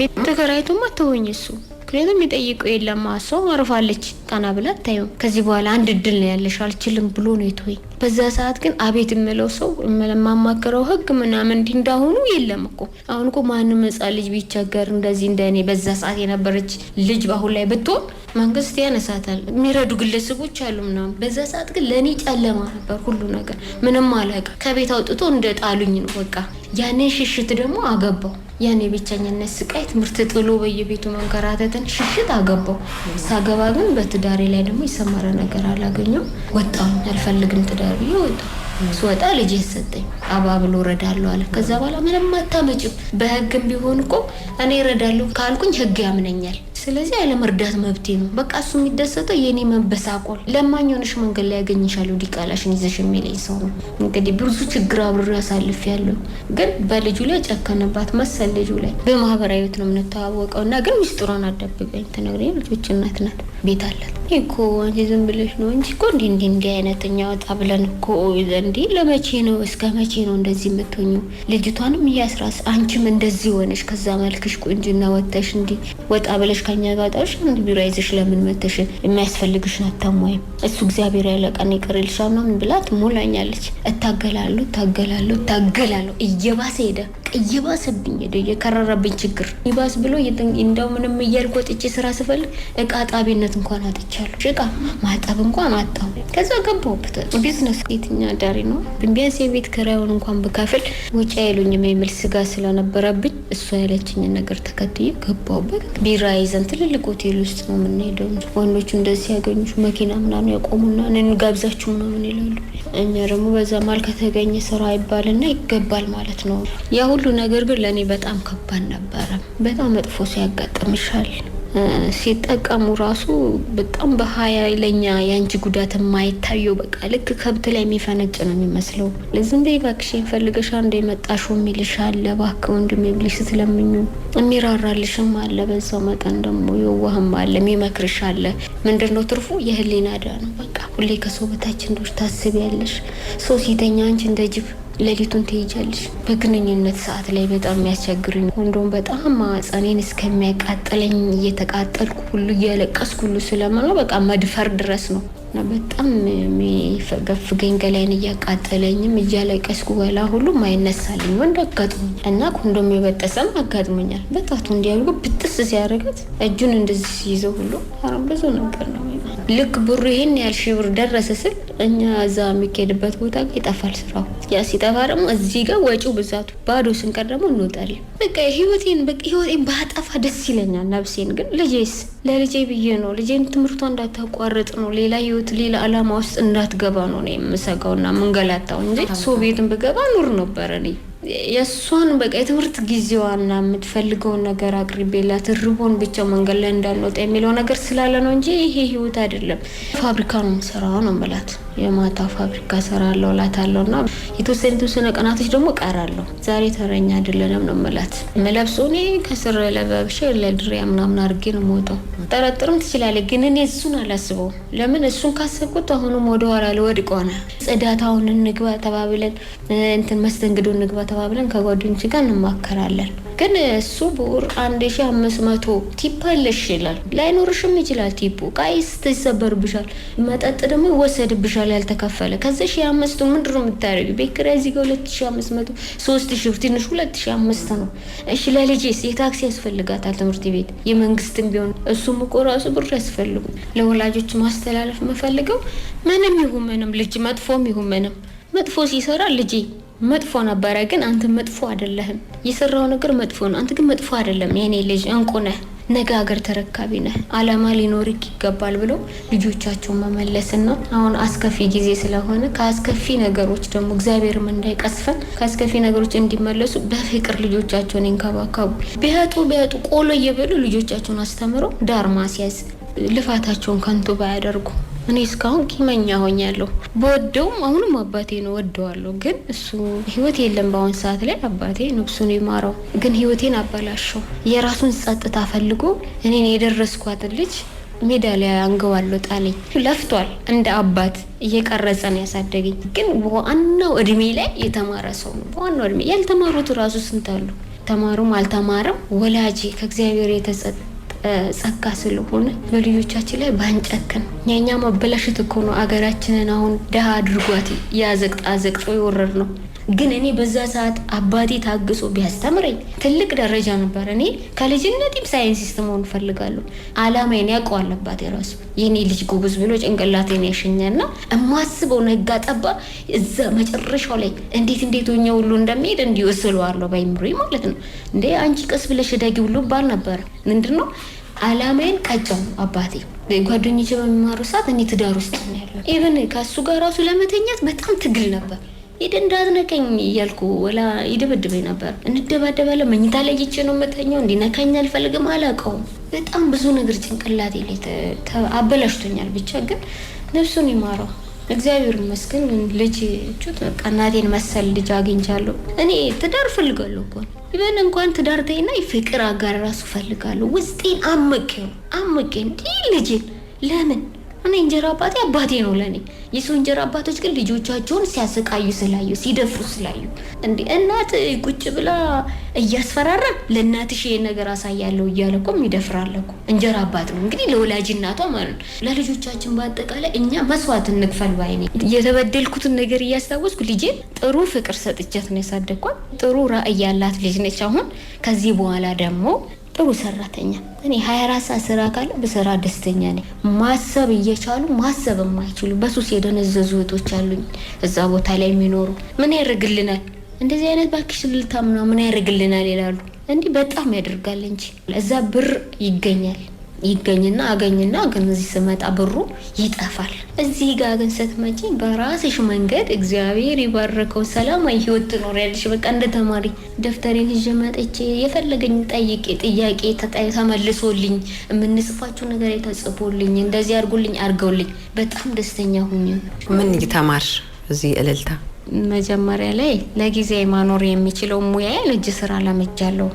ቤት ተከራይቶማ ተወኝ እሱ ምክንያቱም የሚጠይቀው የለም። እሷ አርፋለች፣ ቀና ብላ አታየውም። ከዚህ በኋላ አንድ እድል ነው ያለሽ፣ አልችልም ብሎ ነው የተወኝ። በዛ ሰዓት ግን አቤት የምለው ሰው የማማክረው ህግ ምናምን እንዲህ እንዳሁኑ የለም እኮ አሁን እኮ ማንም ህፃን ልጅ ቢቸገር እንደዚህ እንደኔ በዛ ሰዓት የነበረች ልጅ በአሁን ላይ ብትሆን መንግስት ያነሳታል። የሚረዱ ግለሰቦች አሉ ምናምን። በዛ ሰዓት ግን ለእኔ ጨለማ ነበር ሁሉ ነገር፣ ምንም አላውቅም። ከቤት አውጥቶ እንደ ጣሉኝ ነው በቃ። ያኔ ሽሽት ደግሞ አገባው። ያኔ የብቸኝነት ስቃይ ትምህርት ጥሎ በየቤቱ መንከራተትን ሽሽት አገባው። ሳገባ ግን በትዳሬ ላይ ደግሞ የሰመረ ነገር አላገኘው። ወጣው አልፈልግም ትዳር ብዬ ወጣሁ። ስወጣ ልጅ ሰጠኝ። ብሎ እረዳለሁ አለ። ከዛ በኋላ ምንም አታመጭም። በህግም ቢሆን እኮ እኔ እረዳለሁ ካልኩኝ ህግ ያምነኛል ስለዚህ አለመርዳት መብቴ ነው። በቃ እሱ የሚደሰተው የእኔ መበሳቆል ለማኛንሽ መንገድ ላይ ያገኝሻለሁ ዲቃላሽን ይዘሽ የሚለኝ ሰው ነው። እንግዲህ ብዙ ችግር አብሬ ያሳልፍ ያለው ግን በልጁ ላይ ጨከነባት መሰል ልጁ ላይ በማህበራዊ ህይወት ነው የምንተዋወቀው እና ግን ሚስጥሯን አደብቀኝ ትነግረኝ ልጆች እናት ናት ቤት አላት እኮ አንቺ ዝም ብለሽ ነው እንጂ እኮ እንዲህ እንዲህ እንዲህ አይነት እኛ ወጣ ብለን እኮ እንዲህ ለመቼ ነው እስከ መቼ ነው እንደዚህ የምትሆኙ? ልጅቷንም እያስራስ አንቺም እንደዚህ ሆነሽ ከዛ መልክሽ ቁንጅና ወጥተሽ እንዲህ ወጣ ብለሽ ከኛ ጋር ጣሽ እንዲ ቢራ ይዘሽ ለምን መተሽ የሚያስፈልግሽ ነተም ወይም እሱ እግዚአብሔር ያለቀን ይቅር ይልሻ ምናምን ብላ ትሞላኛለች። እታገላለሁ እታገላለሁ እታገላለሁ እየባሰ ሄደ። እየባሰብኝ ሄደ፣ እየከረረብኝ ችግር ይባስ ብሎ እንደው ምንም እያልኩ ወጥቼ ስራ ስፈልግ እቃ ጣቢነት እንኳን አጥቻለሁ። እቃ ማጠብ እንኳን አጣሁ። ከዛ ገባሁበት ቢዝነስ የትኛ አዳሪ ነው ቢያንስ የቤት ኪራዩን እንኳን ብካፍል ወጪ አይሉኝም የሚል ስጋ ስለነበረብኝ እሱ ያለችኝን ነገር ተከትዬ ገባሁበት። ቢራ ይዘን ትልልቅ ሆቴል ውስጥ ነው የምንሄደው። ወንዶቹ እንደዚህ ሲያገኙ መኪና ምናምን ያቆሙና ነን ጋብዛችሁ ምናምን ይላሉ። እኛ ደግሞ በዛ ማል ከተገኘ ስራ ይባልና ይገባል ማለት ነው ያሁ ሁሉ ነገር ግን ለእኔ በጣም ከባድ ነበረ። በጣም መጥፎ ሲያጋጥምሻል ሲጠቀሙ ራሱ በጣም በሀይለኛ የአንቺ ጉዳት የማይታየው በቃ ልክ ከብት ላይ የሚፈነጭ ነው የሚመስለው። ለዝም በይ እባክሽ ፈልገሽ አንድ የመጣሽው የሚልሽ አለ፣ እባክህ ወንድሜ ብልሽ ስትለምኙ የሚራራልሽም አለ። በዛው መጠን ደግሞ የዋህም አለ፣ የሚመክርሽ አለ። ምንድን ነው ትርፉ? የህሊና ዕዳ ነው። በቃ ሁሌ ከሰው በታች እንደች ታስቢያለሽ። ሰው ሲተኛ አንቺ እንደ ጅብ ሌሊቱን ትይጃለሽ። በግንኙነት ሰዓት ላይ በጣም የሚያስቸግርኝ ኮንዶም በጣም ማህፀኔን እስከሚያቃጥለኝ እየተቃጠልኩ ሁሉ እያለቀስኩ ሁሉ ስለምነው በቃ መድፈር ድረስ ነው እና በጣም የሚፈገፍገኝ ገላይን እያቃጠለኝም እያለቀስኩ በላ ሁሉም አይነሳልኝ ወንድ አጋጥሞኝ እና ኮንዶም የበጠሰም አጋጥሞኛል። በጣቱ እንዲያሉ ብጥስ ሲያደርጋት እጁን እንደዚህ ሲይዘው ሁሉ ብዙ ነገር ነው ልክ ብሩ ይሄን ያህል ሺህ ብር ደረሰ ስል እኛ እዛ የሚካሄድበት ቦታ ጋር ይጠፋል ስራው። ያ ሲጠፋ ደግሞ እዚህ ጋር ወጪው ብዛቱ ባዶ ስንቀር ደግሞ እንወጣለን። በቃ ህይወቴን በቃ ህይወቴን ባጠፋ ደስ ይለኛል ነብሴን ግን ልጄስ ለልጄ ብዬ ነው ልጄን ትምህርቷ እንዳታቋረጥ ነው ሌላ ህይወት ሌላ አላማ ውስጥ እንዳትገባ ነው ነው የምሰጋውና ምንገላታው እንጂ ሶቪየትን ብገባ ኑር ነበረ እኔ የእሷን በቃ የትምህርት ጊዜዋና የምትፈልገውን ነገር አቅርቤላት ርቦን ብቻ መንገድ ላይ እንዳንወጣ የሚለው ነገር ስላለ ነው እንጂ ይሄ ህይወት አይደለም። ፋብሪካ ነው የምሰራው ነው የምላት የማታ ፋብሪካ እሰራለሁ እላታለሁ እና የተወሰነ የተወሰነ ቀናቶች ደግሞ እቀራለሁ። ዛሬ ተረኛ አይደለንም ነው የምላት። የምለብሱ እኔ ከስር ለበብሼ ለድሪያ ምናምን አድርጌ ነው የምወጣው። ጠረጥርም ትችላለ፣ ግን እኔ እሱን አላስበው። ለምን እሱን ካሰብኩት አሁንም ወደ ኋላ ልወድቅ ሆነ። ጽዳታውን አሁን እንግባ ተባብለን እንትን መስተንግዶ እንግባ ተባብለን ከጓደኞች ጋር እንማከራለን። ግን እሱ ብር 1500 ቲፕ አለሽ ይላል። ላይኖርሽም ይችላል ቲፑ። ቃይስ ትሰበርብሻል። መጠጥ ደግሞ ይወሰድብሻል ያልተከፈለ። ከዚ ሺ አምስቱ ምንድን ነው የምታደርጊው? ቤት ኪራይ እዚህ ጋ 2500 3000 ትንሽ አምስት ነው። እሺ ለልጄስ የታክሲ ያስፈልጋታል፣ ትምህርት ቤት የመንግስትም ቢሆን እሱም እኮ ራሱ ብር ያስፈልጉ። ለወላጆች ማስተላለፍ የምፈልገው ምንም ይሁን ምንም ልጅ መጥፎም ይሁን ምንም መጥፎ ሲሰራ ልጄ መጥፎ ነበረ፣ ግን አንተ መጥፎ አይደለህም። የሰራው ነገር መጥፎ ነው፣ አንተ ግን መጥፎ አይደለም። የኔ ልጅ እንቁ ነህ፣ ነገ ሀገር ተረካቢ ነህ፣ አላማ ሊኖርክ ይገባል ብሎ ልጆቻቸውን መመለስና አሁን አስከፊ ጊዜ ስለሆነ ከአስከፊ ነገሮች ደግሞ እግዚአብሔርም እንዳይቀስፈን ከአስከፊ ነገሮች እንዲመለሱ በፍቅር ልጆቻቸውን ይንከባከቡ። ቢያጡ ቢያጡ ቆሎ እየበሉ ልጆቻቸውን አስተምረው ዳር ማስያዝ ልፋታቸውን ከንቱ ባያደርጉ እኔ እስካሁን ቂመኛ ሆኛለሁ። በወደውም አሁንም አባቴ ነው ወደዋለሁ፣ ግን እሱ ህይወት የለም። በአሁን ሰዓት ላይ አባቴ ነብሱን ይማረው፣ ግን ህይወቴን አበላሸው። የራሱን ጸጥታ ፈልጎ እኔን የደረስኳትን ልጅ ሜዳ ላይ ጣለኝ። ለፍቷል እንደ አባት እየቀረጸ ነው ያሳደገኝ። ግን በዋናው እድሜ ላይ የተማረ ሰው ነው። በዋናው እድሜ ያልተማሩት ራሱ ስንት አሉ። ተማሩም አልተማረም ወላጅ ከእግዚአብሔር የተጸ ጸጋ ስለሆነ በልጆቻችን ላይ ባንጨክን። የእኛ መበላሸት እኮ ነው አገራችንን አሁን ድሃ አድርጓት ያዘቅጥ አዘቅጦ የወረር ነው። ግን እኔ በዛ ሰዓት አባቴ ታግሶ ቢያስተምረኝ ትልቅ ደረጃ ነበር። እኔ ከልጅነቴም ሳይንሲስት መሆን እፈልጋለሁ። አላማዬን ያውቀዋል አባቴ ራሱ የኔ ልጅ ጎበዝ ብሎ ጭንቅላቴን ያሸኛና እማስበው ነጋ ጠባ እዛ መጨረሻው ላይ እንዴት እንዴት ሆኜ ሁሉ እንደሚሄድ እንዲወስለዋለሁ ባይምሮ ማለት ነው። እንዴ አንቺ ቀስ ብለሽ ደጊ ሁሉ ባል ነበረ ምንድን ነው አላማዬን ቀጨው አባቴ ጓደኞች በሚማሩ ሰዓት እኔ ትዳር ውስጥ ነው ያለው። ኢቨን ከእሱ ጋር ራሱ ለመተኛት በጣም ትግል ነበር። ሄደ እንዳትነቀኝ እያልኩ ወላ ይደበድበኝ ነበር። እንደባደባለ መኝታ ለይቼ ነው መተኛው። እንዲነካኝ አልፈልግም። አላውቀውም። በጣም ብዙ ነገር ጭንቅላቴ ላይ አበላሽቶኛል። ብቻ ግን ነፍሱን ይማረው እግዚአብሔር ይመስገን። ልጅ ቹት በቃ እናቴን መሰል ልጅ አግኝቻለሁ። እኔ ትዳር እፈልጋለሁ እኮ ይበን እንኳን ትዳር ተይና የፍቅር አጋር ራሱ ፈልጋለሁ። ውስጤን አምቄው አምቄ እንዲህ ልጅን ለምን እኔ እንጀራ አባቴ አባቴ ነው ለእኔ። የሰው እንጀራ አባቶች ግን ልጆቻቸውን ሲያሰቃዩ ስላዩ ሲደፍሩ ስላዩ እንደ እናት ቁጭ ብላ እያስፈራራ ለእናትሽ ይሄን ነገር አሳያለሁ እያለ እኮ የሚደፍራል እኮ እንጀራ አባት ነው እንግዲህ ለወላጅ እናቷ ማለት ነው። ለልጆቻችን በአጠቃላይ እኛ መስዋዕት እንክፈል ባይኔ ነኝ። የተበደልኩትን ነገር እያስታወስኩ ልጄን ጥሩ ፍቅር ሰጥቻት ነው ያሳደግኳት። ጥሩ ራዕይ ያላት ልጅ ነች። አሁን ከዚህ በኋላ ደግሞ ጥሩ ሰራተኛ እኔ ሀያ ራሳ ስራ ካለ ብሰራ ደስተኛ ነኝ። ማሰብ እየቻሉ ማሰብ የማይችሉ በሱስ የደነዘዙ እህቶች አሉኝ እዛ ቦታ ላይ የሚኖሩ ምን ያደርግልናል እንደዚህ አይነት ባክሽ ልልታ ምን ያደርግልናል ይላሉ። እንዲህ በጣም ያደርጋል እንጂ እዛ ብር ይገኛል። ይገኝና አገኝና ግን እዚህ ስመጣ ብሩ ይጠፋል። እዚህ ጋር ግን ስትመጪ በራስሽ መንገድ እግዚአብሔር ይባረከው ሰላማዊ ህይወት ትኖሪያለሽ። በቃ እንደ ተማሪ ደብተሬን ይዤ መጥቼ የፈለገኝ ጠይቄ ጥያቄ ተመልሶልኝ የምንጽፋችሁ ነገር የተጽፎልኝ እንደዚህ አድርጉልኝ አድርገውልኝ በጣም ደስተኛ ሁኝ። ምን ተማርሽ እዚህ እልልታ? መጀመሪያ ላይ ለጊዜ ማኖር የሚችለው ሙያ እጅ ስራ ለምጃለሁ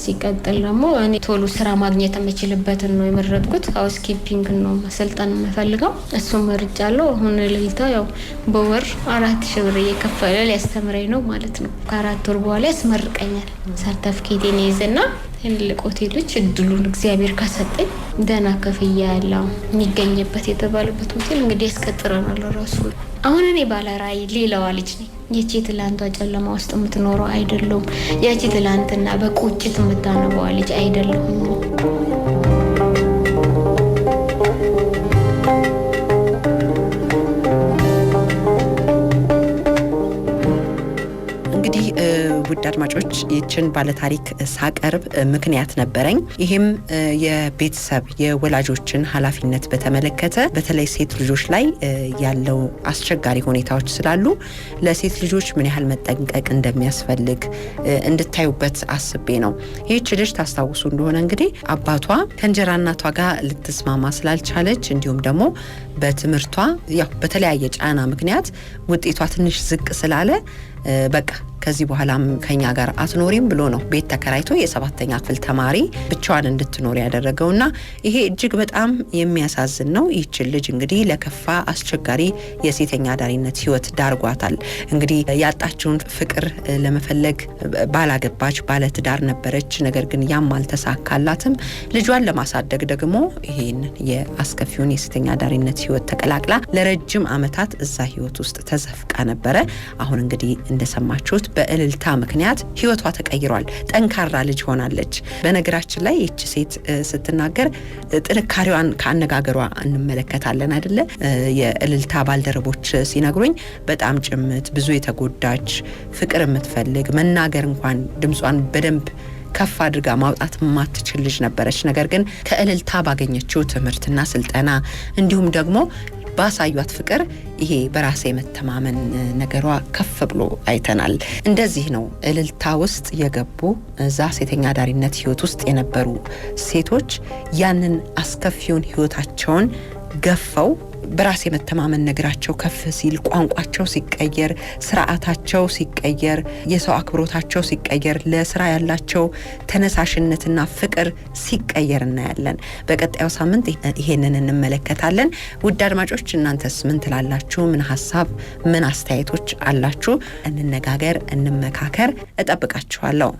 ሲቀጥል ደግሞ እኔ ቶሎ ስራ ማግኘት የምችልበትን ነው የመረጥኩት። ሀውስ ኪፒንግ ነው መሰልጠን የምፈልገው እሱ መርጫለሁ። አሁን ልልታ ያው በወር አራት ሺ ብር እየከፈለ ሊያስተምረኝ ነው ማለት ነው። ከአራት ወር በኋላ ያስመርቀኛል። ሰርተፍኬቴን ይዝና ትልልቅ ሆቴሎች እድሉን እግዚአብሔር ከሰጠኝ ደህና ክፍያ ያለው የሚገኝበት የተባለበት ሆቴል እንግዲህ ያስቀጥረናል ራሱ። አሁን እኔ ባለ ሌላዋ ልጅ ነኝ። የቺ ትላንቷ ጨለማ ውስጥ የምትኖረው አይደለሁም። ያቺ ትላንትና በቁጭት የምታነበዋ ልጅ አይደለሁም። ውድ አድማጮች ይችን ባለታሪክ ሳቀርብ ምክንያት ነበረኝ። ይህም የቤተሰብ የወላጆችን ኃላፊነት በተመለከተ በተለይ ሴት ልጆች ላይ ያለው አስቸጋሪ ሁኔታዎች ስላሉ ለሴት ልጆች ምን ያህል መጠንቀቅ እንደሚያስፈልግ እንድታዩበት አስቤ ነው። ይህች ልጅ ታስታውሱ እንደሆነ እንግዲህ አባቷ ከእንጀራ እናቷ ጋር ልትስማማ ስላልቻለች እንዲሁም ደግሞ በትምህርቷ ያው በተለያየ ጫና ምክንያት ውጤቷ ትንሽ ዝቅ ስላለ በቃ ከዚህ በኋላም ከኛ ጋር አትኖሪም ብሎ ነው ቤት ተከራይቶ የሰባተኛ ክፍል ተማሪ ብቻዋን እንድትኖር ያደረገው እና ይሄ እጅግ በጣም የሚያሳዝን ነው። ይችን ልጅ እንግዲህ ለከፋ አስቸጋሪ የሴተኛ አዳሪነት ህይወት ዳርጓታል። እንግዲህ ያጣችውን ፍቅር ለመፈለግ ባላገባች ባለትዳር ነበረች። ነገር ግን ያም አልተሳካላትም። ልጇን ለማሳደግ ደግሞ ይህን የአስከፊውን የሴተኛ አዳሪነት ህይወት ተቀላቅላ ለረጅም አመታት እዛ ህይወት ውስጥ ተዘፍቃ ነበረ። አሁን እንግዲህ እንደሰማችሁት በእልልታ ምክንያት ህይወቷ ተቀይሯል። ጠንካራ ልጅ ሆናለች። በነገራችን ላይ ይች ሴት ስትናገር ጥንካሬዋን ከአነጋገሯ እንመለከታለን አይደለ? የእልልታ ባልደረቦች ሲነግሩኝ በጣም ጭምት፣ ብዙ የተጎዳች፣ ፍቅር የምትፈልግ መናገር እንኳን ድምጿን በደንብ ከፍ አድርጋ ማውጣት የማትችል ልጅ ነበረች። ነገር ግን ከእልልታ ባገኘችው ትምህርትና ስልጠና እንዲሁም ደግሞ ባሳዩት ፍቅር ይሄ በራሴ የመተማመን ነገሯ ከፍ ብሎ አይተናል። እንደዚህ ነው እልልታ ውስጥ የገቡ እዛ ሴተኛ አዳሪነት ህይወት ውስጥ የነበሩ ሴቶች ያንን አስከፊውን ህይወታቸውን ገፈው በራስ የመተማመን ነገራቸው ከፍ ሲል፣ ቋንቋቸው ሲቀየር፣ ስርዓታቸው ሲቀየር፣ የሰው አክብሮታቸው ሲቀየር፣ ለስራ ያላቸው ተነሳሽነትና ፍቅር ሲቀየር እናያለን። በቀጣዩ ሳምንት ይሄንን እንመለከታለን። ውድ አድማጮች እናንተስ ምን ትላላችሁ? ምን ሀሳብ፣ ምን አስተያየቶች አላችሁ? እንነጋገር፣ እንመካከር። እጠብቃችኋለሁ።